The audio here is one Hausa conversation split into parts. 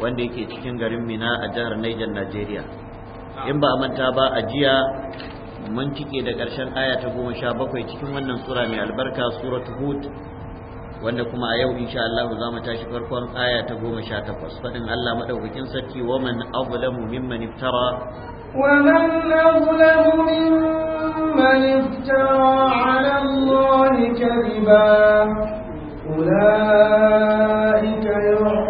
wanda yake cikin garin mina a jihar Niger Najeriya in ba a manta ba a jiya mun cike da ƙarshen aya ta goma sha bakwai cikin wannan sura mai albarka suratu hud wanda kuma a yau insha Allah za mu tashi farkon aya ta goma sha faɗin Allah maɗaukakin sarki wa man azlamu mimman iftara ومن أظلم ممن افترى على الله كذبا أولئك يعلمون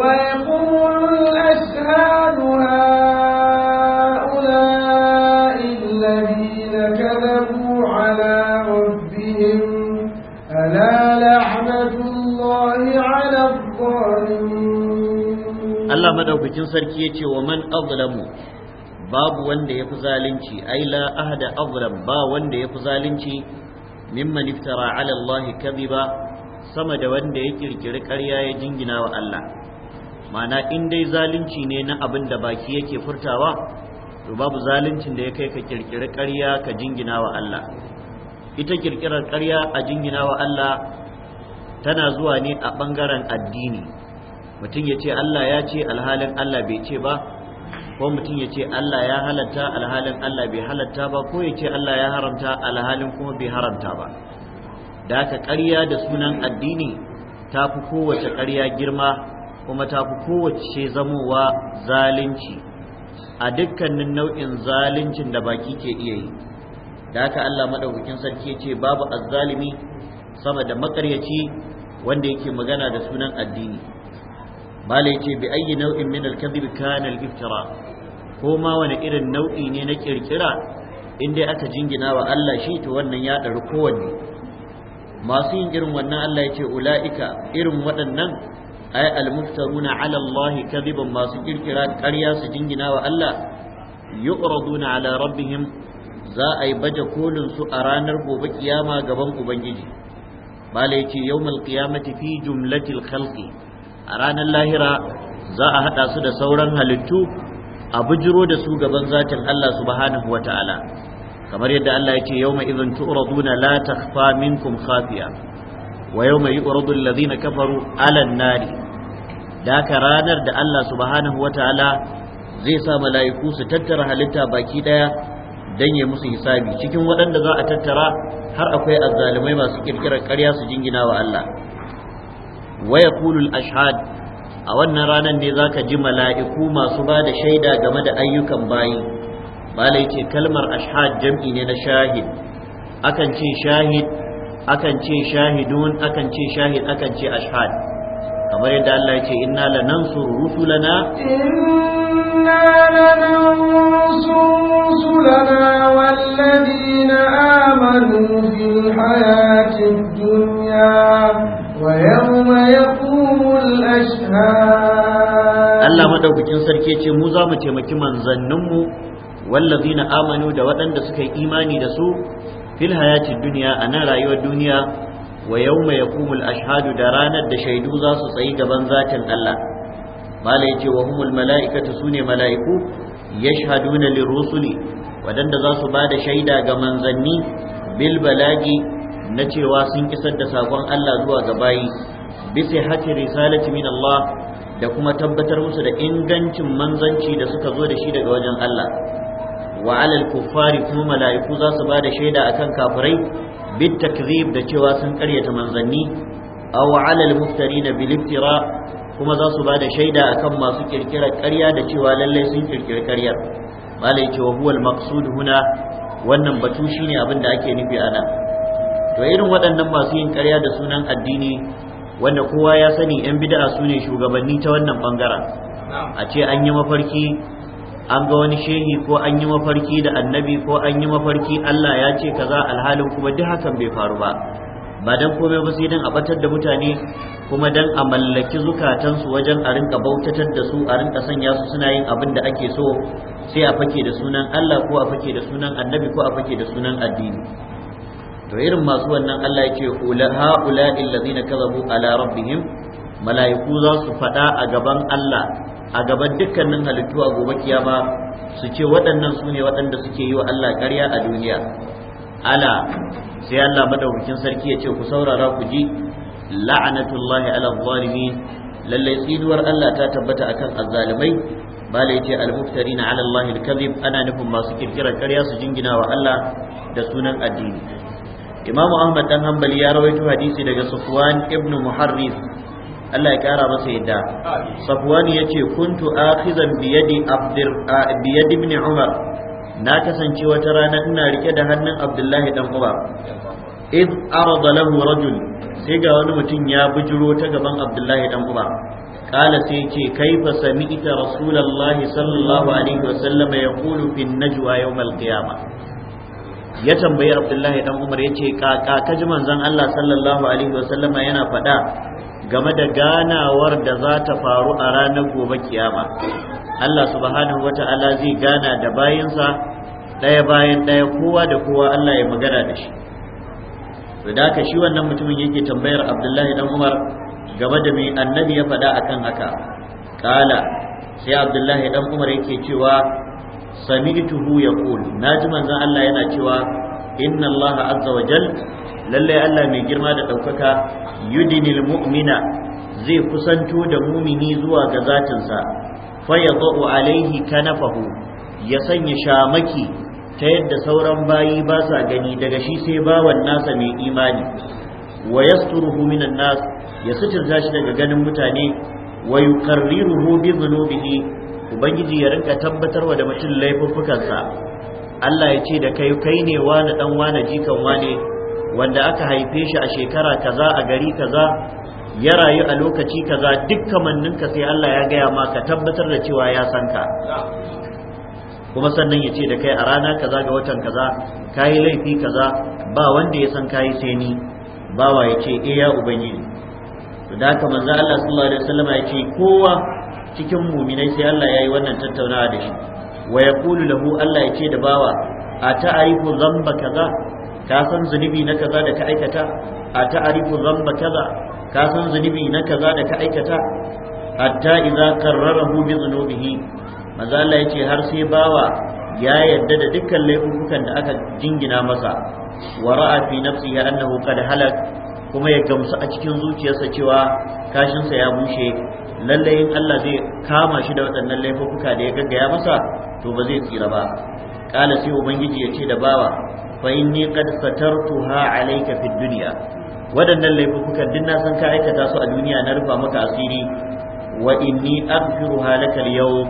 ويقول الأشهاد هؤلاء الذين كذبوا على ربهم ألا لعنة الله على الظالمين الله مدوكتين سركية ومن أظلم babu wanda ya fi zalunci ai la ahda azlam ba wanda ya fi zalunci mimman iftara ala Allah kadhiba sama da wanda ya kirkiri ƙarya ya jingina wa Allah ma'ana in dai zalunci ne na abin da baki yake furtawa to babu zaluncin da ya kai ka kirkiri ƙarya ka jingina wa Allah ita kirkirar ƙarya a jingina wa Allah tana zuwa ne a ɓangaren addini mutum ya ce Allah ya ce alhalin Allah bai ce ba ko mutum ya ce Allah ya halatta alhalin Allah bai halatta ba ko ya ce Allah ya haramta alhalin kuma bai haramta ba da ka ƙarya da sunan addini ta fi kowace ƙarya girma kuma ta ku kowace zamowa zalunci a dukkanin nau'in zaluncin da baki ke iya yi da haka Allah madaukakin sarki ce babu azzalimi sama da makaryaci wanda yake magana da sunan addini bala yace bi ayyi nau'in min al-kadhib kana al-iftira ko ma wani irin nau'i ne na kirkira in aka jingina wa Allah shi to wannan ya daru kowanne masu yin irin wannan Allah yace ula'ika irin waɗannan ay almuftaruna ala allahi kadiban masu kirkira ƙarya su jingina wa Allah yu'raduna ala rabbihim za a yi baje kolin su a ranar gobe kiyama gaban ubangiji bala yace yawmal qiyamati fi jumlatil khalqi a ranar lahira za a hada su da sauran halittu a bujiro da su gaban zatin Allah subhanahu wataala kamar yadda Allah yace yawma idhin tu'raduna la takhfa minkum khafiya wa yawma yu'radu alladhina kafaru ala an-nari da aka ranar da Allah subhanahu wataala zai sa mala'iku su tattara halitta baki daya dan ya musu hisabi cikin waɗanda za a tattara har akwai azzalumai masu kirkirar ƙarya su jingina wa Allah wa yaqulu al-ashhad a wannan ranar ne zaka ji mala'iku masu ba da shaida game da ayyukan bayi malai ce kalmar Ashad jam'i ne na shahid akan ce shahid akan ce shahidun akan ce shahid akan ce Ashad. kamar yadda Allah ya ce inna lanansuru rusulana inna lanansuru rusulana walladina amanu fil hayatid dunya wa yawma yaqumul ashhad Allah madaukakin sarki ce mu za mu taimaki manzanninmu walladina amanu da waɗanda suka yi imani da su fil hayatid dunya a nan rayuwar duniya wa yawma yaqumul ashhadu da ranar da shaidu za su tsayi gaban zatin Allah malai ce wa humul mala'ikatu sune mala'iku yashhaduna lirrusuli wadanda za su da shaida ga manzanni bil balagi na cewa sun kisar da sakon Allah zuwa ga bayi bisa hati risalati min Allah da kuma tabbatar musu da ingancin manzanci da suka zo da shi daga wajen Allah wa alal kuffari kuma mala'iku za su da shaida akan kafirai bit takzib da cewa sun karyata manzanni aw ala al na bil kuma za su bada shaida a kan masu kirkirar ƙarya da cewa lallai sun kirkiri ƙaryar malai ce huwa al maqsud huna wannan batu shine abin da ake nufi ana to irin waɗannan masu yin ƙarya da sunan addini wanda kowa ya sani yan bid'a su ne shugabanni ta wannan bangaren a ce an yi mafarki an ga wani shehi ko an yi mafarki da annabi ko an yi mafarki Allah ya ce kaza alhalin kuma duk hakan bai faru ba ba dan komai ba sai dan a batar da mutane kuma dan a mallaki zukatansu wajen a rinka bautatar da su a rinka sanya su suna yin abin da ake so sai a fake da sunan Allah ko a fake da sunan annabi ko a fake da sunan addini to irin masu wannan Allah yake ulaha ula'il illazina kazabu ala rabbihim mala'iku za su fada a gaban Allah a gaban dukkanin halittu a gobe kiyama su ce waɗannan su ne waɗanda suke yi wa Allah ƙarya a duniya ala sai Allah madaukakin sarki ya ce ku saurara ku ji la'anatullahi ala zalimin lalle tsiduwar Allah ta tabbata akan azzalimai bala yace al-muftarina ala Allah al-kadhib ana nufin masu kirkirar ƙarya su jingina wa Allah da sunan addini Imam Ahmad dan Hanbali ya rawaito hadisi daga Sufwan ibn Muharris Allah ya kara masa yadda Safwani yace kuntu akhizan bi yadi Abdir bi yadi ibn Umar na kasance wata rana ina rike da hannun Abdullahi dan Umar id arada lahu rajul sai ga wani mutum ya bujuro ta gaban Abdullahi dan Umar kala sai yace kaifa sami'ta rasulullahi sallallahu alaihi wasallam yaqulu fi najwa yawm alqiyama ya tambayi Abdullahi dan Umar yace ka ka ji manzon Allah sallallahu alaihi wasallama yana faɗa game da ganawar da za ta faru a ranar gobe kiyama Allah subhanahu Ta'ala zai gana da bayinsa ɗaya bayan ɗaya kowa da kowa Allah ya magana da shi to da haka shi wannan mutumin yake tambayar Abdullahi dan Umar game da mai annabi ya faɗa akan haka kala sai Abdullahi dan Umar yake cewa tuhu sami'tuhu yaqul naji manzon Allah yana cewa inna Allah azza wa jalla lallai Allah mai girma da ɗaukaka yudinil mu'mina zai kusanto da mumini zuwa ga zatinsa fayadau alaihi kanafahu ya sanya shamaki ta yadda sauran bayi ba sa gani daga shi sai bawan nasa mai imani wa yasturuhu minan nas ya suturta shi daga ganin mutane wa yuqarriruhu bi dhunubihi ubangiji ya rinka tabbatarwa da mutum laifuffukansa Allah ya ce da kai kai ne wani dan wani jikan wani wanda aka haife shi a shekara kaza a gari kaza ya rayu a lokaci kaza duk kamanninka sai Allah ya gaya ma ka tabbatar da cewa ya san ka kuma sannan ya ce da kai a rana kaza ga watan kaza ka yi laifi kaza ba wanda ya san ka yi sai ni bawa ya ce e ya ubangiji da haka manzo Allah sallallahu alaihi wasallam ya ce kowa cikin muminai sai Allah ya yi wannan tattaunawa da shi wa yaqulu lahu Allah ya ce da bawa a ta'arifu zamba kaza ka san zunubi na kaza da ka aikata a ta'arifu zamba kaza ka san zunubi na kaza da ka aikata hatta idza qarrarahu bi dhunubihi manzo Allah yace har sai bawa ya yadda da dukkan laifukan da aka jingina masa wa ra'a fi nafsihi annahu qad halak kuma ya gamsu a cikin zuciyarsa cewa kashinsa ya bushe lallai in Allah zai kama shi da waɗannan laifukan da ya gaggaya masa to ba zai tsira ba kala sai ubangiji ya ce da bawa fa inni qad satartuha alayka fid dunya wadannan laifuka duk na san ka aikata su a duniya na rufa maka asiri wa inni aghfiruha laka al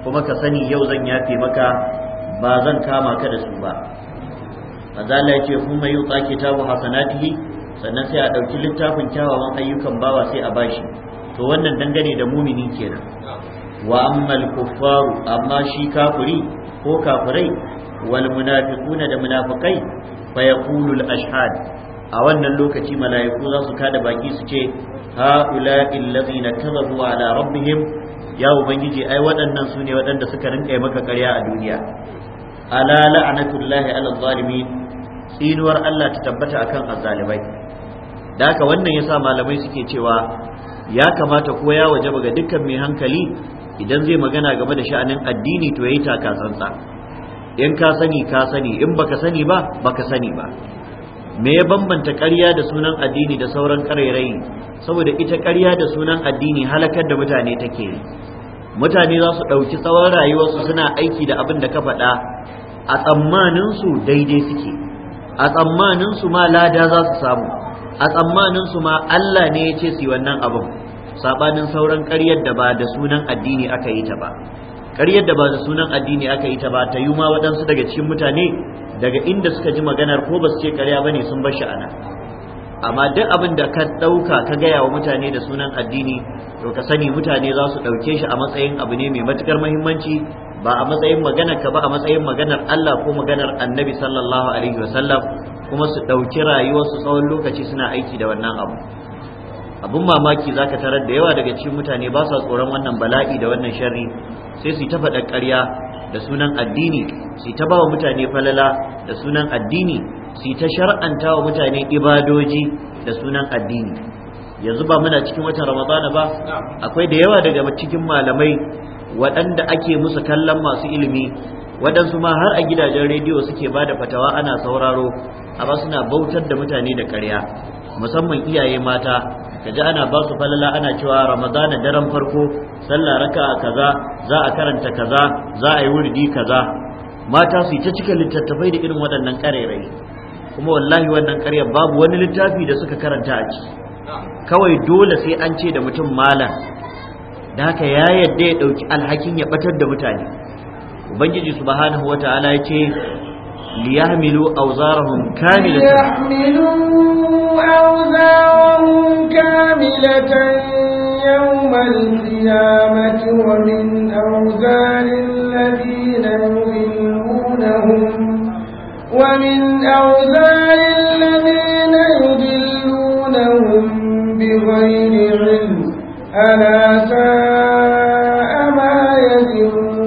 kuma ka sani yau zan yafe maka ba zan kama ka da su ba manzo Allah kun kuma yuqa kitabu hasanatihi sannan sai a dauki littafin kyawawan ayyukan bawa sai a bashi to wannan dangane da mumini kenan wa ammal kuffaru amma shi kafiri ko kafurai. wal munafiquna da munafikai fa yaqulu al ashhad a wannan lokaci mala'iku za su kada baki su ce haula illazina kadhabu ala rabbihim ya ubangiji ai waɗannan su ne waɗanda suka rinka maka ƙarya a duniya ala la'natullahi ala zalimi, tsinuwar Allah ta tabbata akan azalibai. Daka haka wannan yasa malamai suke cewa ya kamata ko ya wajaba ga dukkan mai hankali idan zai magana game da sha'anin addini to yayi taka tsantsa in ka sani ka sani in baka sani ba baka sani ba me ya bambanta ƙarya da sunan addini da sauran ƙarairayi saboda ita ƙarya da sunan addini halakar da mutane take yi mutane za su ɗauki tsawon rayuwarsu suna aiki da abin da ka faɗa a tsammaninsu daidai suke a tsammaninsu ma lada za su samu a tsammaninsu ma Allah ne ya ce su yi wannan abin saɓanin sauran ƙaryar da ba da sunan addini aka yi ta ba ƙaryar da ba da sunan addini aka yi ta ba ta yi ma waɗansu daga cikin mutane daga inda suka ji maganar ko ba su ce ƙarya ba ne sun bar shi ana amma duk abin da ka ɗauka ka gaya wa mutane da sunan addini to ka sani mutane za su ɗauke shi a matsayin abu ne mai matuƙar muhimmanci ba a matsayin maganar ka ba a matsayin maganar Allah ko maganar annabi sallallahu alaihi wasallam kuma su ɗauki rayuwarsu tsawon lokaci suna aiki da wannan abu abun mamaki za ka tarar da yawa daga cikin mutane ba sa tsoron wannan bala'i da wannan sharri sai su ta faɗa ƙarya da sunan addini su ta ba wa mutane falala da sunan addini su ta shar'anta wa mutane ibadoji da sunan addini yanzu ba muna cikin watan ramadana ba akwai da yawa daga cikin malamai waɗanda ake musu kallon masu ilimi waɗansu ma har a gidajen rediyo suke ba da fatawa ana sauraro amma suna bautar da mutane da ƙarya musamman iyaye mata ka ji ana ba su falala ana cewa ramadana daren farko sallah raka kaza za a karanta kaza za a yi wurdi kaza mata su yi ta cikin littattafai da irin waɗannan ƙarerai kuma wallahi wannan ƙaryar babu wani littafi da suka karanta a ci kawai dole sai an ce da mutum malam da haka ya yadda ya ɗauki alhakin ya ɓatar da mutane ubangiji subhanahu wata'ala ya ce liyahmilu auzarahum kamilatan أوزارهم كاملة يوم القيامة ومن أوزار الذين يضلونهم ومن أوزار الذين يضلونهم بغير علم ألا ساء ما يزرون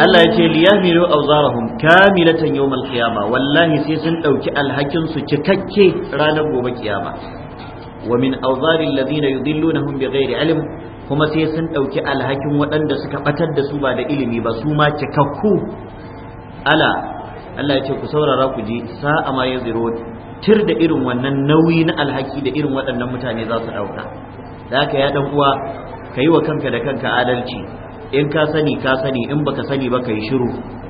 الله يقول ليهملوا أوزارهم kamilatan yawmal malkiyama, wallahi sai sun ɗauki alhakinsu cikakke ranar gobe kiyama wa min awzari alladhina yudillunahum bighairi alim? kuma sai sun ɗauki alhakin waɗanda suka batar da su ba da ilimi ba su ma cikakku ala Allah ya ce ku saurara ku ji sa'a ma yaziro tir da irin wannan nauyi na alhaki da irin waɗannan mutane za su ɗauka. da haka ya dan uwa yi wa kanka da kanka adalci in ka sani ka sani in baka sani ba yi shiru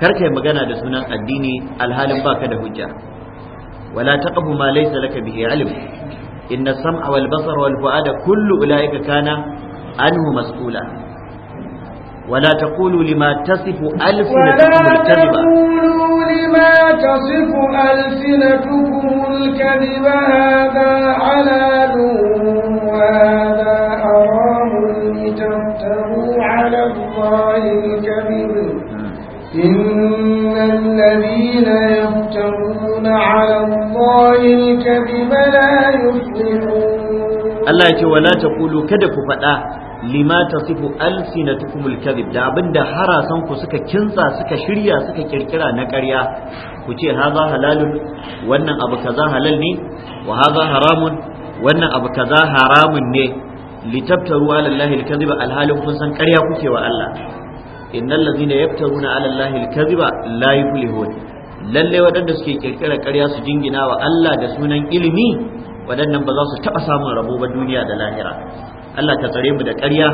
kar yi magana da sunan addini alhalin baka da hujja wala taqfu ma laysa laka bihi ilm inna sam'a wal basara wal fu'ada kullu ulaika kana anhu mas'ula ولا تقولوا لما تصف ألسنتكم الكذبة لما تصف ألسنتكم الكذب هذا حلال وهذا الذين يفترون على الله الكذب لا يفلحون الله يقول ولا تقولوا كدك فدا lima da abinda harasan ku suka kintsa suka shirya suka kirkira na ƙarya ku ce haza halalun wannan abu kaza halal ne wa haza haramun wannan abu kaza haramun ne litabtaru ala allahi alkadhiba alhalin kun san ƙarya kuke wa Allah innal ladhina yaftaruna ala allahi alkadhiba la yuflihun lalle waɗanda suke kirkira ƙarya su jingina wa Allah da sunan ilimi waɗannan ba za su taɓa samun rabo ba duniya da lahira Allah ta tsare mu da ƙarya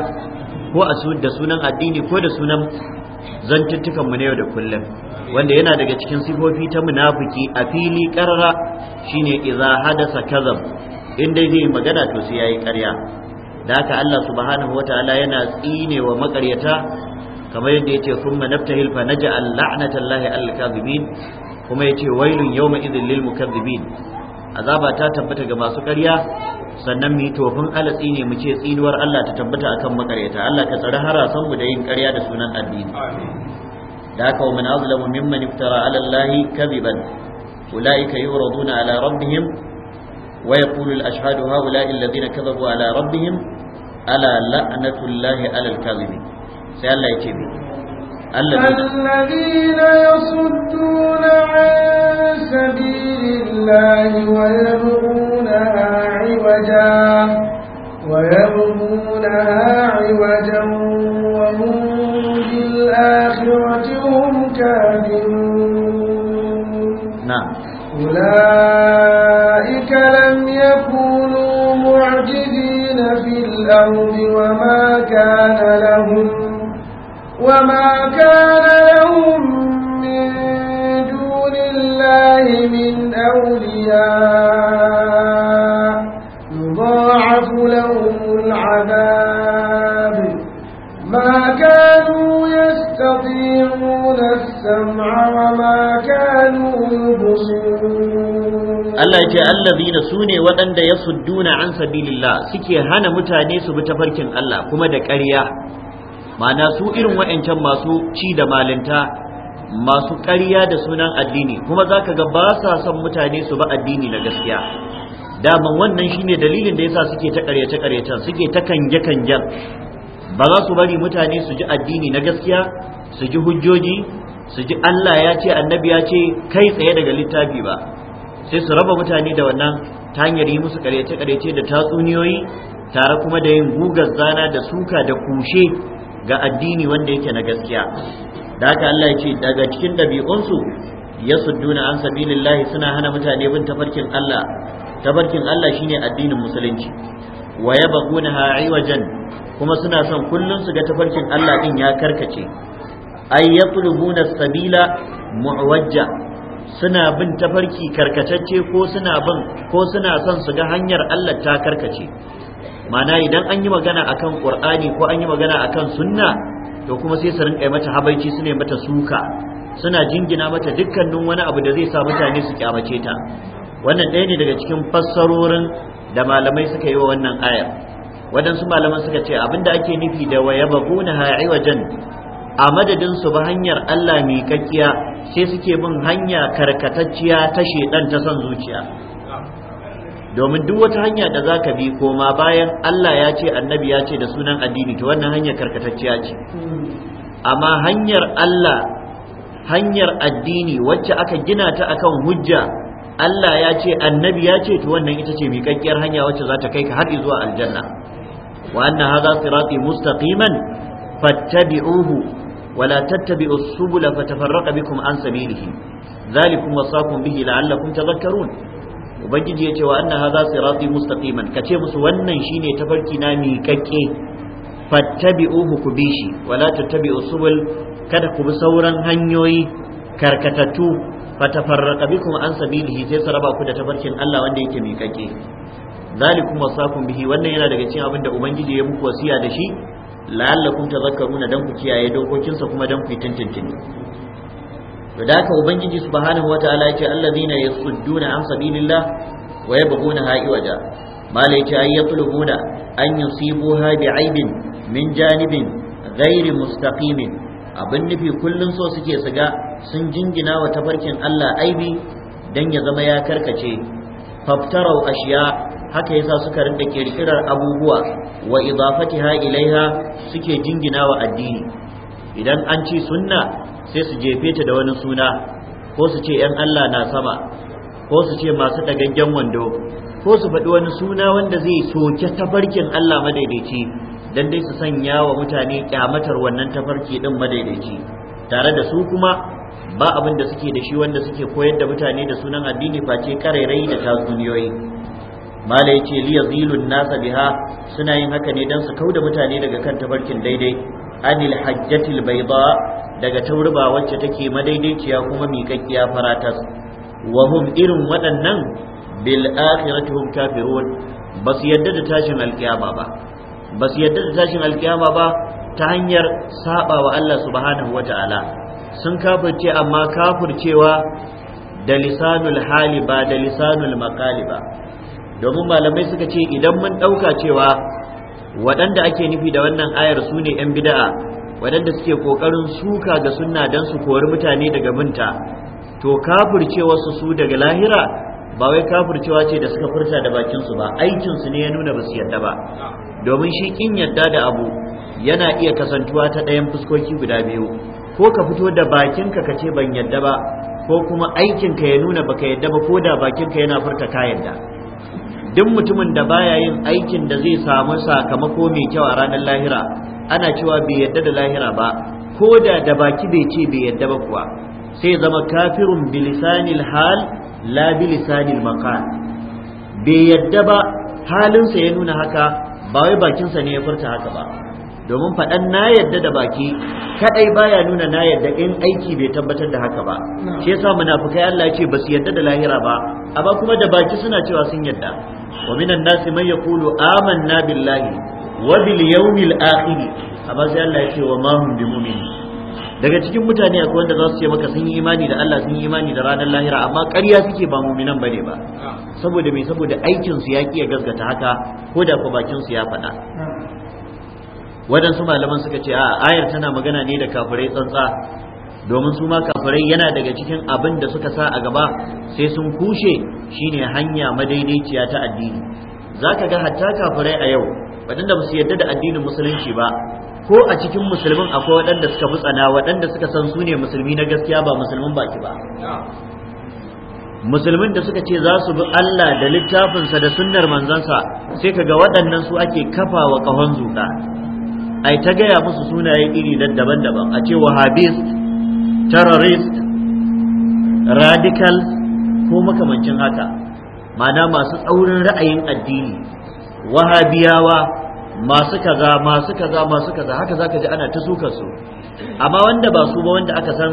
ko a da sunan addini ko da sunan zantuttukan mu na yau da kullum wanda yana daga cikin sifofi ta munafiki a fili karara shine idza hadasa kazab in dai zai magana to sai yayi ƙarya da haka Allah subhanahu wataala yana tsine wa makaryata kamar yadda yace kuma naftahil fa naj'al la'natallahi al-kadhibin kuma yace wailun yawma idhil lil mukaththibin azaba ta tabbata ga masu ƙarya sannan mu yi tofin alatsi ne mu ce tsinuwar Allah ta tabbata akan makaryata Allah ka tsare harasan mu da yin ƙarya da sunan addini da haka wa man azlamu mimman iftara ala Allah kadiban ulaika yuraduna ala rabbihim wa yaqulu al ashhadu haula alladhina kadhabu ala rabbihim ala la'natullahi ala al kadhibi sai Allah yake bi الذين يصدون عن سبيل الله ويبغونها عوجا ويبغونها عوجا وهم بالآخرة هم كافرون نعم أولئك لم يكونوا معجزين في الأرض وما كانوا وما كان لهم من دون الله من أولياء يضاعف لهم العذاب ما كانوا يستطيعون السمع وما كانوا يبصرون Allah ce allazina sune waɗanda ya sudduna an sabilillah suke hana mutane su bi tafarkin Allah kuma da ƙarya ma'ana su irin wa'ancan masu ci da malinta masu ƙarya da sunan addini kuma za ka ga ba sa son mutane su ba addini na gaskiya daman wannan shine dalilin da yasa suke ta ƙaryace ƙaryacen suke ta kange kangen ba za su bari mutane su ji addini na gaskiya su ji hujjoji su ji Allah ya ce annabi ya ce kai tsaye daga littafi ba sai su raba mutane da wannan ta hanyar yi musu ƙaryace ƙaryace da tatsuniyoyi tare kuma da yin gugar zana da suka da kushe ga addini wanda yake na gaskiya da haka Allah ya ce daga cikin ɗabi'unsu ya sudduna an sabilillahi suna hana mutane bin tafarkin Allah tafarkin Allah shine addinin musulunci wa yabghunaha wajen? kuma suna son kullun su ga tafarkin Allah din ya karkace ay yatlubuna sabila muwajja suna bin tafarki karkatacce ko suna bin ko suna son su ga hanyar Allah ta karkace mana idan an yi magana akan qur'ani ko an yi magana akan sunna to kuma sai su rinka mata habaici su ne mata suka suna jingina mata dukkanin wani abu da zai sa mutane su kyamace ta wannan ɗaya ne daga cikin fassarorin da malamai suka yi wa wannan ayar waɗansu malaman suka ce abin da ake nufi da waya baguna wajen a madadin su ba hanyar Allah miƙaƙƙiya sai suke bin hanya karkatacciya ta shedan ta son zuciya domin duk wata hanya da za ka bi koma bayan Allah ya ce annabi ya ce da sunan addini to wannan hanyar karkatacciya ce amma hanyar Allah hanyar addini wacce aka gina ta akan hujja Allah ya ce annabi ya ce ta wannan ita ce miƙaƙƙiyar hanya wacce za ta kai ka har zuwa aljanna wa anna hadha sirati mustaqiman fattabi'uhu ولا تتبعوا السبل فتفرق بكم عن سبيله ذلكم وصاكم به لعلكم تذكرون ubangiji ya ce wa anna hadha sirati ka ce musu wannan shine tafarki na mi kakke fattabi'uhu ku bi shi wala tattabi'u subul kada ku bi sauran hanyoyi karkatattu fatafarraqa bikum an sabilihi sai su raba ku da tafarkin Allah wanda yake mi kakke zalikum wasakum bihi wannan yana daga cikin abin da ubangiji ya muku wasiya da shi la'allakum tadhakkaruna dan ku kiyaye dokokinsa kuma dan ku tantance to da haka ubangiji subhanahu wataala yace allazina yasudduna an sabilillah wa yabghuna ha'iwaja mala yace ay yatlubuna an yusibuha bi'aibin min janibin ghairi mustaqimin abin nufi kullun so suke suga, sun jingina wa tabarkin Allah aibi dan ya zama ya karkace faftarau ashiya haka yasa suka rinda kirkirar abubuwa wa idafatiha ilaiha suke jingina wa addini idan an ci sunna sai su jefe ta da wani suna ko su ce ‘yan Allah na sama ko su ce masu ɗagaggen wando ko su faɗi wani suna wanda zai soke tafarkin Allah madaidaici don dai su sanya wa mutane ƙyamatar wannan tafarki ɗin madaidaici tare da su kuma ba abin da suke da shi wanda suke koyar da mutane da sunan addini face ƙarairai da tatsuniyoyi mala yace nasa biha suna yin haka ne dan su kauda mutane daga kan tafarkin daidai anil hajjatil bayda daga taurba wacce take madaidaiciya kuma miƙaƙƙiya faratas wa hum irin waɗannan bil akhirati hum kafirun yarda yadda da tashin alkiyama ba ba yadda da tashin alkiyama ba ta hanyar saba wa Allah subhanahu wata'ala sun kafirce amma kafircewa da lisanul hali ba da lisanul makali ba domin malamai suka ce idan mun ɗauka cewa waɗanda ake nufi da wannan ayar su ne 'yan bida'a waɗanda suke ƙoƙarin suka ga sunna don su kori mutane daga binta to kafircewa su su daga lahira ba wai kafircewa ce da suka furta da bakinsu ba aikinsu ne ya nuna ba su yadda ba domin shi ƙin yadda da abu yana iya kasantuwa ta ɗayan fuskoki guda biyu ko ka fito da bakinka ka ce ban yadda ba ko kuma aikinka ya nuna baka yadda ba ko da bakinka yana furta ka yadda duk mutumin da baya yin aikin da zai samu sakamako mai kyau a ranar lahira ana cewa bai yadda da lahira ba ko da da baki bai ce bai yadda ba kuwa sai zama kafirun bilisanil hal la bilisanil maqal bai yadda ba halinsa ya nuna haka ba wai bakinsa ne ya furta haka ba domin faɗan na yadda da baki kadai baya nuna na yadda in aiki bai tabbatar da haka ba shi yasa munafikai Allah ya ce ba su yadda da lahira ba amma kuma da baki suna cewa sun yadda ومن الناس من يقول آمنا بالله وباليوم الآخر sai Allah yake wa وما bi بمؤمنين daga cikin mutane akwai wanda za su ce maka sun yi imani da Allah sun yi imani da ranar lahira amma ƙarya suke ba muminan bane ba saboda me saboda aikin su ya kiya gaskata haka ko da ko bakin su ya faɗa wadansu malaman suka ce a ayar tana magana ne da kafirai tsantsa domin su ma kafirai yana daga cikin abin da suka sa a gaba sai sun kushe shine hanya madaidaiciya ta addini zaka ga hatta kafirai a yau waɗanda ba su yarda da addinin musulunci ba ko a cikin musulmin akwai waɗanda suka fi tsana waɗanda suka san su musulmi na gaskiya ba musulmin baki ba musulmin da suka ce za su bi Allah da littafinsa da sunnar manzansa sai kaga waɗannan su ake kafa wa ƙahon zuƙa ai ta gaya musu sunaye iri daban-daban a ce wahabist terrorist radical ko makamancin haka mana masu tsaurin ra'ayin addini wahabiyawa masu kaza masu kaza masu kaza haka zaka ji ana ta suka su amma wanda ba su ba wanda aka san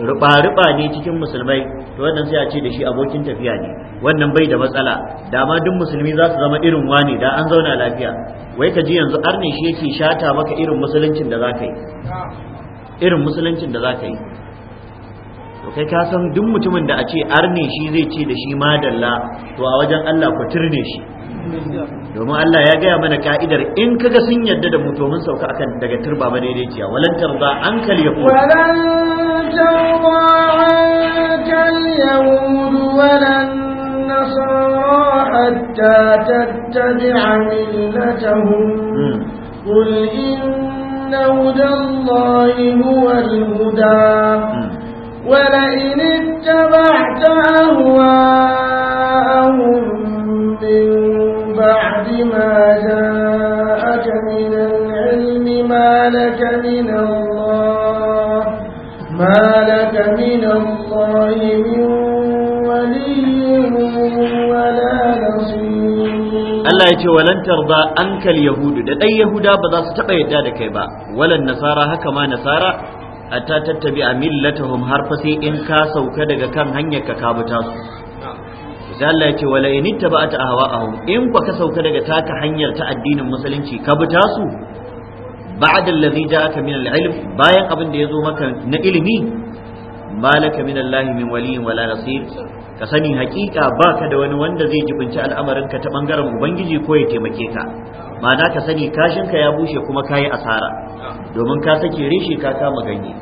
ruba-ruba ne cikin musulmai to wannan sai a ce da shi abokin tafiya ne wannan bai da matsala Dama duk musulmi za su zama irin wani da an zauna lafiya wai ka ji yanzu arne shi yake shata maka irin musuluncin da za ka yi irin musuluncin da za ka yi to kai ka san duk mutumin da a ce arne shi zai ce da shi madalla to a wajen Allah ku turne shi domin Allah ya gaya mana ka'idar in ka ga sun yadda da mu to mun sauka akan daga turba ba daidai ciya walan tarda an kal walan tarda an kal walan nasara hatta tattabi'a millatahum hmm. qul in أن هدى الله هو الهدى ولئن اتبعت أهواءهم من بعد ما جاءك من العلم ما لك من الله ما لك من الله من Allah ya ce walan tarda ankal yahudu da dai yahuda ba za su taba yadda da kai ba walan nasara haka ma nasara atta tattabi a millatahum har fa sai in ka sauka daga kan hanyar ka kabuta su sai Allah ya ce wala in ittaba'ata ahwa'ahum in ka sauka daga taka hanyar ta addinin musulunci ka buta su ba'da allazi ja'aka min al-ilm bayan abin da ya zo maka ilimi malaka waliyin wala ka sani hakika baka da wani wanda zai jibinci al'amarinka ta bangaren ubangiji ko ya taimake ka ma'ana ka sani kashinka ya bushe kuma kayi asara domin ka sake rishi ka kama ganye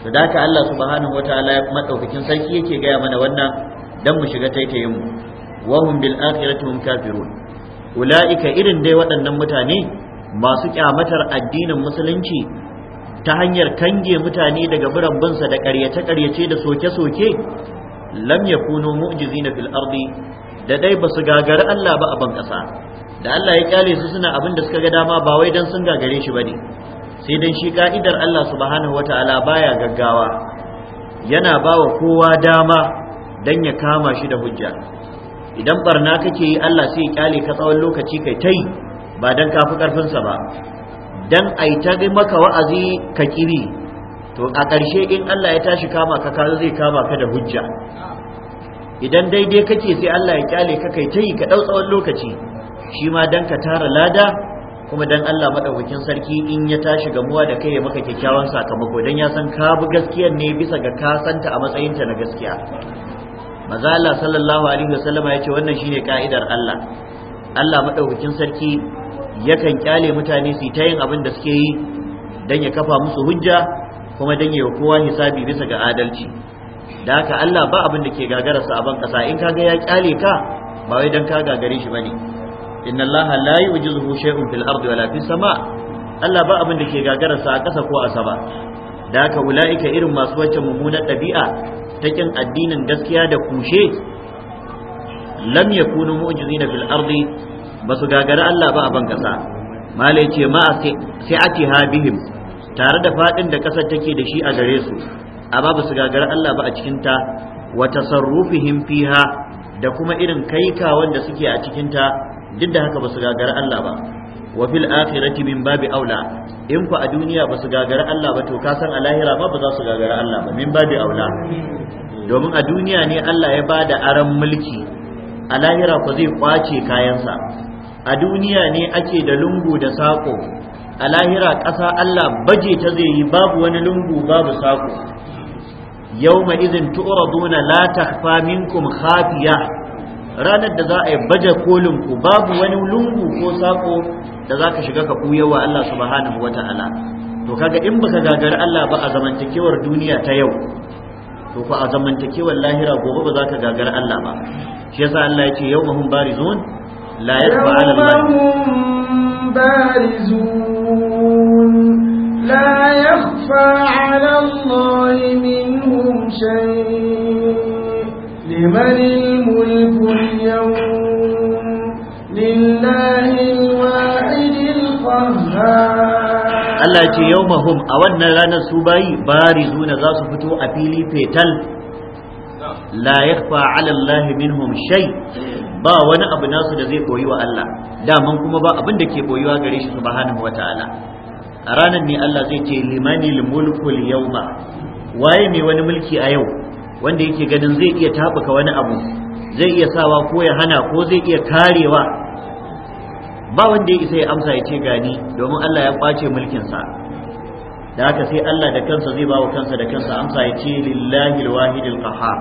sadaka Allah subhanahu wataala ya madaukakin sarki yake gaya mana wannan dan mu shiga taitayin mu wa hum bil akhirati hum kafirun ulaika irin dai waɗannan mutane masu kyamatar addinin musulunci ta hanyar kange mutane daga birabbansa da ƙaryace-ƙaryace da soke-soke lam yakunu mu'jizina fil ardi da dai basu gagari Allah ba a ban kasa da Allah ya kyale su suna abin da suka ga dama ba wai dan sun gagare shi bane sai dan shi ka'idar Allah subhanahu wataala baya gaggawa yana bawa kowa dama dan ya kama shi da hujja idan barna kake yi Allah sai ya kyale ka tsawon lokaci kai tai ba dan kafi karfin sa ba dan ai ta maka wa'azi ka kiri to a ƙarshe in Allah ya tashi kama ka kazo zai kama ka da hujja idan daidai kake sai Allah ya kyale ka kai tayi ka dau tsawon lokaci shi ma dan ka tara lada kuma dan Allah madaukakin sarki in ya tashi gamuwa da kai ya maka kyakkyawan sakamako dan ya san ka bi gaskiyar ne bisa ga ka santa a matsayin ta na gaskiya maza Allah sallallahu alaihi wasallama ya ce wannan shine ka'idar Allah Allah madaukakin sarki yakan kyale mutane su ta yin abin da suke yi dan ya kafa musu hujja kuma dan yawa kowa hisabi bisa ga adalci da haka Allah ba abin da ke gagararsa a ban kasa in kaga ya kyale ka ba wai dan ka gagare shi bane inna allaha la yujizuhu shay'un fil ardi wala fis sama Allah ba abin da ke gagararsa a kasa ko a sama da haka ula'ika irin masu wacce mummunar ɗabi'a ta kin addinin gaskiya da kushe lam yakunu mu'jizina fil ardi basu gagara Allah ba a ban kasa malai ce ma sai atiha bihim tare da fadin da kasar take da shi a gare su a babu su gagara Allah ba a cikin ta wa tasarrufihim fiha da kuma irin ka wanda suke a cikin ta duk da haka ba su gagara Allah ba wa fil akhirati min babi aula in fa a duniya ba su gagara Allah ba to ka san a lahira ba ba za su gagara Allah ba min babi aula domin a duniya ne Allah ya bada aran mulki a lahira ko zai kwace kayansa a duniya ne ake da lungu da sako a lahira ƙasa Allah baje ta zai yi babu wani lungu babu sako yawma izin tu'raduna la takhfa minkum khafiya ranar da za a yi baje kolin ku babu wani lungu ko sako da za ka shiga ka kuya wa Allah subhanahu wata'ala to kaga in baka gagari Allah ba a zamantakewar duniya ta yau to ku a zamantakewar lahira gobe ba za ka gagari Allah ba shi yasa Allah ya ce yawma hum barizun la yakfa 'ala al-barizun لا يخفى على الله منهم شيء لمن الملك اليوم لله الواحد القهار Allah ce yau mahum a wannan ranar su bayi bari zuna za su fito a fili fetal la yakfa ala Allah minhum shay ba wani abu nasu da zai koyi wa Allah daman kuma ba abin da ke koyuwa gare shi subhanahu wataala a ranar ne Allah zai ce limani mulkul yawma waye mai wani mulki a yau wanda yake ganin zai iya tabuka wani abu zai iya sawa ko ya hana ko zai iya karewa ba wanda ya isa ya amsa ya ce gani domin Allah ya kwace mulkin sa da haka sai Allah da kansa zai bawa kansa da kansa amsa ya ce lillahi alwahidil qahhar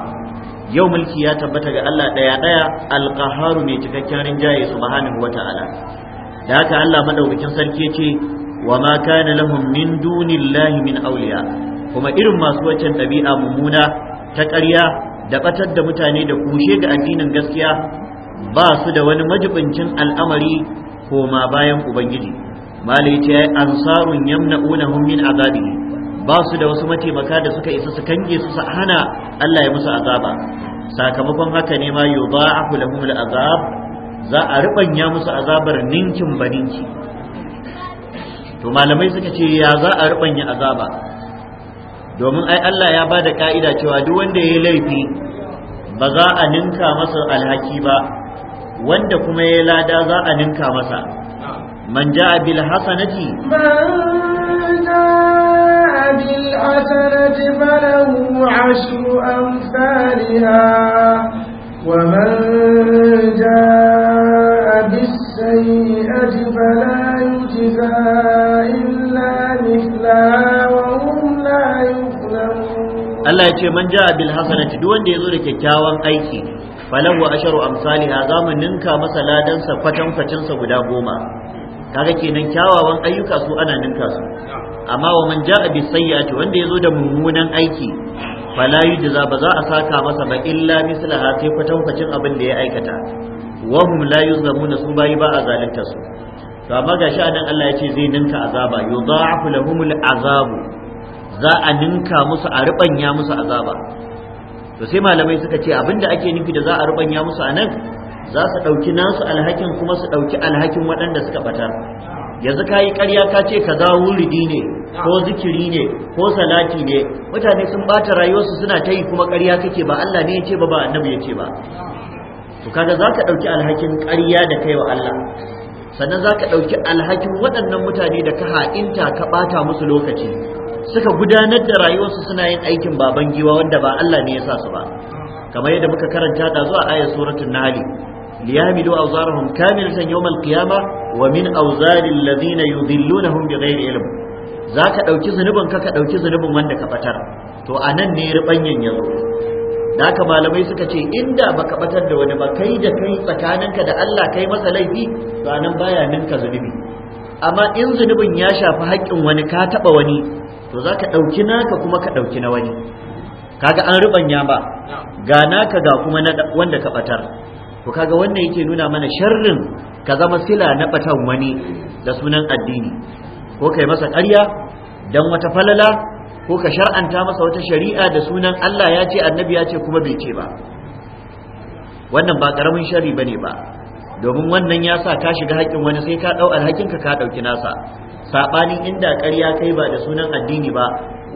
yau mulki ya tabbata ga Allah daya daya alqahharu mai cikakken rinjaye subhanahu wataala da haka Allah madaukakin sarki ya ce wa ma kana lahum min dunillahi min awliya kuma irin masu waccan ɗabi'a mummuna ta ƙarya da ɓatar da mutane da kushe ga addinin gaskiya ba su da wani majibincin al'amari koma bayan ubangiji malai ce ansarun yamna'unahum min azabi ba su da wasu mataimaka da suka isa su kange su sa hana Allah ya musu azaba sakamakon haka ne ma kula lahum azab, za a ribanya musu azabar ninkin baninki to malamai suka ce ya za a rubanya azaba domin ai Allah ya ba da ka'ida cewa duk wanda ya yi laifi ba za a ninka masa alhaki ba wanda kuma ya lada za a ninka masa man ja'a bil hasanati بالحسنة فله عشر أمثالها ومن جاء بالسيئة Allah ya ce man ja'a bil hasanati duk wanda yazo da kyakkyawan aiki falahu asharu amsalha za mu ninka masa ladan sa kwatan kwacin sa guda goma kaga kenan kyawawan ayyuka su ana ninka su amma wa man ja'a bis sayyi'ati wanda yazo da mummunan aiki fala yujza ba za a saka masa ba illa mislaha sai kwatan kwacin abin da ya aikata wa hum la yuzlamuna su bayi ba a zalunta su to amma gashi anan Allah ya ce zai ninka azaba yudha'afu lahumul azabu za a ninka musu a rubanya musu azaba to sai malamai suka ce abinda ake nufi da za a rubanya musu anan za su dauki nasu alhakin kuma su dauki alhakin waɗanda suka bata yanzu kayi ƙarya ka ce kaza wuridi ne ko zikiri ne ko salati ne mutane sun bata rayuwarsu suna ta yi kuma ƙarya kake ba Allah ne ya ce ba ba annabi ya ce ba to kaga za ka ɗauki alhakin ƙarya da kai wa Allah sannan za ka ɗauki alhakin waɗannan mutane da ka ha'inta ka ɓata musu lokaci suka gudanar da rayuwarsu suna yin aikin baban giwa wanda ba Allah ne ya sa su ba kamar yadda muka karanta da zuwa ayar suratul nahl liyamilu awzarahum kamilatan yawmal qiyamah wa min awzaril ladina yudillunahum bighairi ilm zaka dauki zanubin ka ka dauki zanubin wanda ka fatar to anan ne rubanyan yazo da haka malamai suka ce inda baka batar da wani ba kai da kai tsakaninka da Allah kai masa laifi to anan baya ninka zunubi amma in zunubin ya shafi haƙƙin wani ka taɓa wani to za ka ɗauki naka kuma ka ɗauki na wani kaga an ruɓanya ba ga naka ga kuma wanda ka ɓatar to kaga wannan yake nuna mana sharrin ka zama sila na ɓatan wani da sunan addini ko kai masa ƙarya don wata falala ko ka shar'anta masa wata shari'a da sunan Allah ya ce annabi ya ce kuma bai ce ba wannan ba ƙaramin sharri bane ba domin wannan ya sa ka shiga haƙƙin wani sai ka ɗau alhakinka ka ɗauki nasa saɓanin inda ƙarya kai ba da sunan addini ba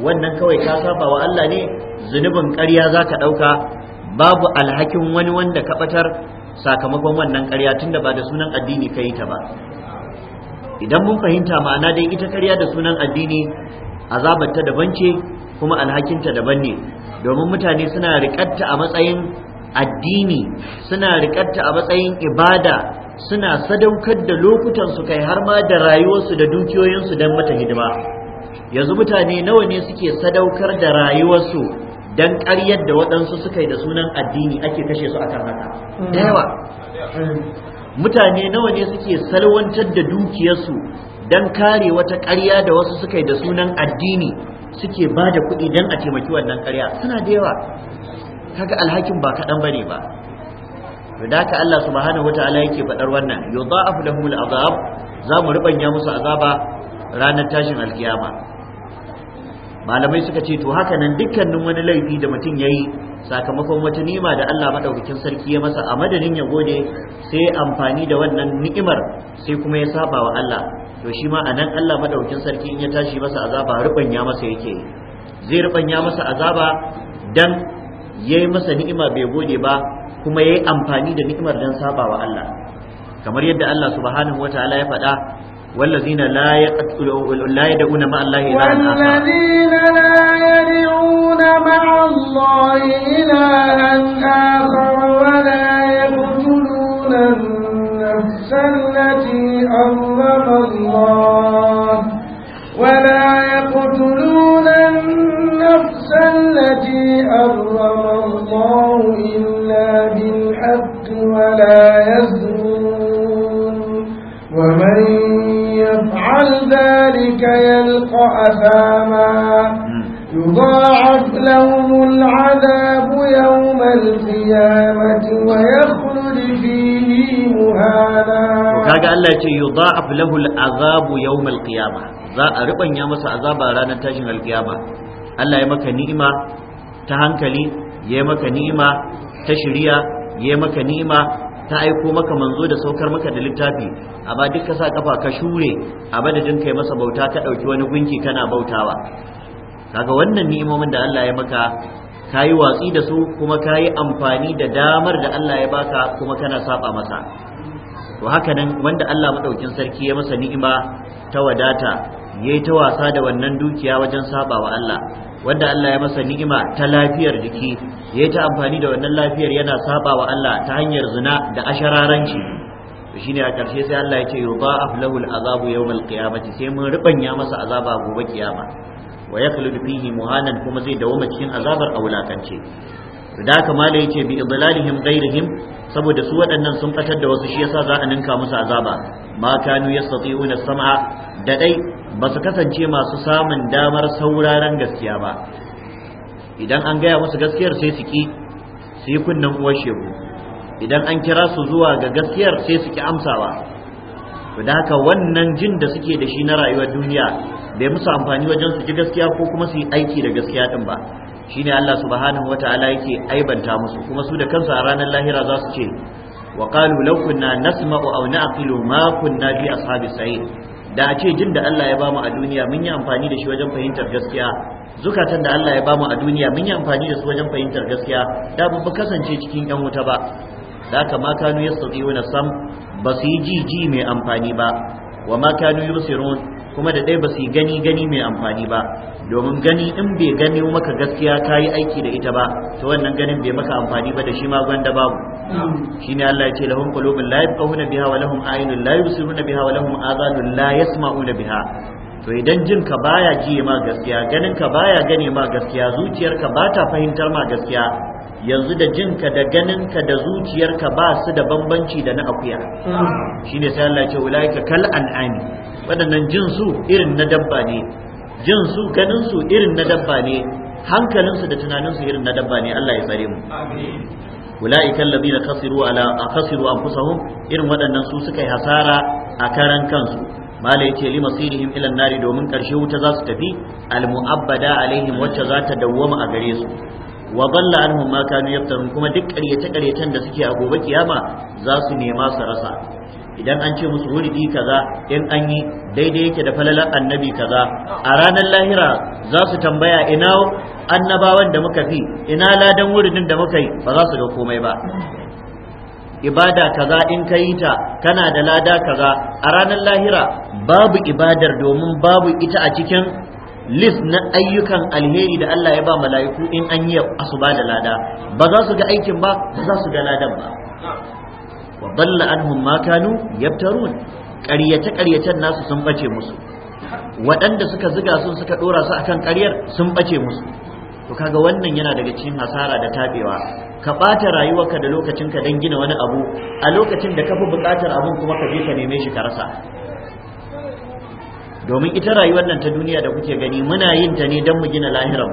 wannan kawai ka saba wa Allah ne zunubin ƙarya za ka ɗauka babu alhakin wani wanda ka ɓatar sakamakon wannan ƙarya tunda ba da sunan addini ka yi ta ba idan mun fahimta ma'ana dai ita ƙarya da sunan addini azabarta daban ce kuma alhakinta daban ne domin mutane suna riƙatta a matsayin addini suna rikarta a matsayin ibada suna sadaukar da lokutan su kai har ma da rayuwarsu da dukiyoyinsu don mata hidima yanzu mutane nawa ne suke sadaukar da rayuwarsu don ƙaryar da waɗansu suka yi da sunan addini ake kashe su akan haka da yawa mutane nawa ne suke salwantar da dukiyarsu don kare wata ƙarya da wasu suka yi da sunan addini suke ba da kuɗi don a taimaki wannan ƙarya suna da yawa kaga alhakin ba kaɗan bane ba da ka Allah subhanahu wataala yake faɗar wannan yudha'afu lahumul azab za mu rubanya musu azaba ranar tashin alkiyama malamai suka ce to haka nan dukkanin wani laifi da mutum yayi sakamakon wata ni'ima da Allah madaukakin sarki ya masa a madadin ya gode sai amfani da wannan ni'imar sai kuma ya saba wa Allah to shi ma anan Allah madaukakin sarki in ya tashi masa azaba rubanya masa yake zai rubanya masa azaba dan yayi masa ni'ima bai gode ba kuma yayi amfani da ni'imar don sabawa Allah kamar yadda Allah subhanahu wataala ya faɗa والذين لا يقتلون لا يدعون مع الله إلها والذين لا يدعون مع الله إلها آخر ولا يقتلون النفس التي أمر الله ولا ولا يزنون ومن يفعل ذلك يلقى أثاما يضاعف لهم العذاب يوم القيامة ويخلد فيه مهانا وكاقا الله يضاعف له العذاب يوم القيامة za a ribanya masa azaba ranar tashin alkiyama Allah ya maka ni'ima ta hankali ya maka ni'ima ta shiriya ya maka nima ta aiko maka manzo da saukar maka da littafi amma duk ka sa kafa ka shure a madadin kai masa bauta ka ɗauki wani gunki kana bautawa kaga wannan ni'imomin da Allah ya maka kayi watsi da su kuma kayi amfani da damar da Allah ya baka kuma kana saba masa to haka nan wanda Allah madaukin sarki ya masa ni'ima ta wadata yayi ta wasa da wannan dukiya wajen saba wa Allah wanda Allah ya masa ni'ima ta lafiyar jiki yayi ta amfani da wannan lafiyar yana saba wa Allah ta hanyar zina da ashararanci to shine a ƙarshe sai Allah ya ce yudha'af lahu al'azabu yawmal qiyamati sai mun rubanya masa azaba gobe kiyama wa yakhlud fihi muhanan kuma zai dawo cikin azabar aulakance da haka yace bi idlalihim ghairihim saboda su waɗannan sun fatar da wasu shi yasa za a ninka musu azaba ma kanu yastati'una sam'a da dai ba su kasance masu samun damar sauraron gaskiya ba idan an gaya musu gaskiyar sai su ki su yi kunnen uwar shegu idan an kira su zuwa ga gaskiyar sai su ki amsawa to da haka wannan jin da suke da shi na rayuwar duniya bai musu amfani wajen su ji gaskiya ko kuma su yi aiki da gaskiya din ba shine Allah subhanahu wataala yake aibanta musu kuma su da kansu a ranar lahira za su ce wa qalu law kunna nasma'u aw na'qilu ma kunna fi ashabis da a ce jin da Allah ya bamu a duniya mun yi amfani da shi wajen fahimtar gaskiya zukatan da Allah ya bamu a duniya mun yi amfani da su wajen fahimtar gaskiya da ba kasance cikin yan wuta ba da ka ma kanu yastati'una sam ba su yi jiji mai amfani ba wa ma kanu yusirun kuma da dai ba su gani gani mai amfani ba domin gani in bai gani maka gaskiya ka aiki da ita ba to wannan ganin bai maka amfani ba da shi ma gwanda babu shine Allah ya ce lahum qulubun la yafqahuna biha wa lahum a'yunun la yusiruna biha wa lahum adhanun la yasma'una biha to idan jin ka baya ji ma gaskiya ganin ka baya gane ma gaskiya zuciyarka ba ta fahimtar ma gaskiya yanzu da jinka da ganinka da zuciyarka ba su da bambanci da na akuya ne sai Allah ce wulaika kal an'ami waɗannan jin su irin na dabba ne jin su ganin su irin na dabba ne hankalin su da tunanin su irin na dabba ne Allah ya tsare mu ulaika alladhina khasiru ala khasiru anfusahum irin waɗannan su suka yi hasara a karan kansu malai ce li masirihim ila nari domin karshe wuta za su tafi al mu'abbada alaihim wacce za ta dawwama a gare su wa balla anhum ma kanu yaftarun kuma duk ƙaryace ƙaryacen da suke a gobe kiyama za su nema su rasa idan an ce musu wuridi kaza in an yi daidai yake da falalar annabi kaza a ranar lahira za su tambaya ina annabawan da muka fi ina ladan wuridin da muka yi ba za su ga komai ba ibada kaza in ka yi ta kana da lada kaza a ranar lahira babu ibadar domin babu ita a cikin list na ayyukan alheri da Allah ya ba mala'iku in an yi asuba da lada ba za su ga aikin ba ba za su ga ladan ba wa dalla anhum ma kanu yabtarun ƙaryace ƙaryacen nasu sun bace musu waɗanda suka ziga sun suka dora su akan ƙaryar sun bace musu to kaga wannan yana daga cikin hasara da tabewa ka ɓata rayuwarka da lokacinka dan gina wani abu a lokacin da ka fi buƙatar abun kuma ka je ka neme shi ka rasa domin ita rayuwar nan ta duniya da kuke gani muna yin ta ne don mu gina lahiran.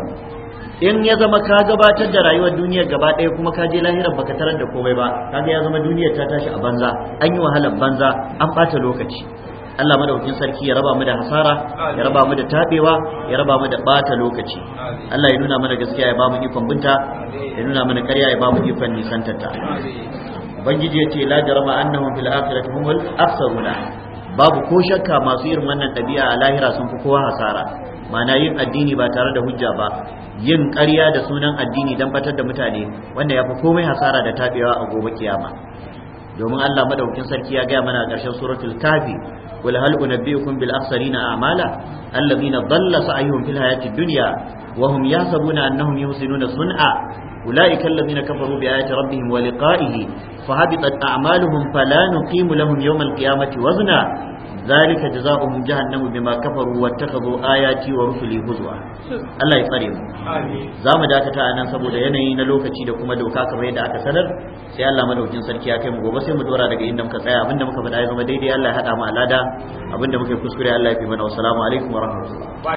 in ya zama ka gabatar da rayuwar duniya gaba ɗaya kuma ka je lahirar baka tarar da komai ba kaga ya zama duniya ta tashi a banza an yi wahalar banza an ɓata lokaci Allah madaukin sarki ya raba mu da hasara ya raba mu da tabewa ya raba mu da bata lokaci Allah ya nuna mana gaskiya ya ba mu ikon binta ya nuna mana ƙarya ya ba mu ikon nisantarta ubangiji ya ce la jarama annahum fil akhirati humul afsaruna babu ko shakka masu irin wannan ɗabi'a a lahira sun fi kowa hasara mana yin addini ba tare da hujja ba yin ƙarya da sunan addini don batar da mutane wanda ya fi komai hasara da taɓewa a gobe kiyama domin Allah maɗaukin sarki ya gaya mana a ƙarshen suratul kafi wal hal unabbiukum bil afsarina a'mala alladhina dhalla sa'yuhum fil hayati dunya wa hum yahsabuna annahum yuhsinuna sun'a ulaika alladhina kafaru bi ayati rabbihim wa liqa'ihi fahabitat a'maluhum fala nuqimu lahum yawm al qiyamati wazna zalika jazaohum jahannamu bima kafaru wattakhadhu ayati wa rusuli huzwa Allah ya tsare mu zamu dakata anan saboda yanayi na lokaci da kuma doka kamar yadda aka sanar sai Allah madaukin sarki ya kai mu gobe sai mu dora daga inda muka tsaya abinda muka faɗa ya zama daidai Allah ya hada mu alada abinda muka kuskure Allah ya fi mana salamu alaikum wa rahmatullah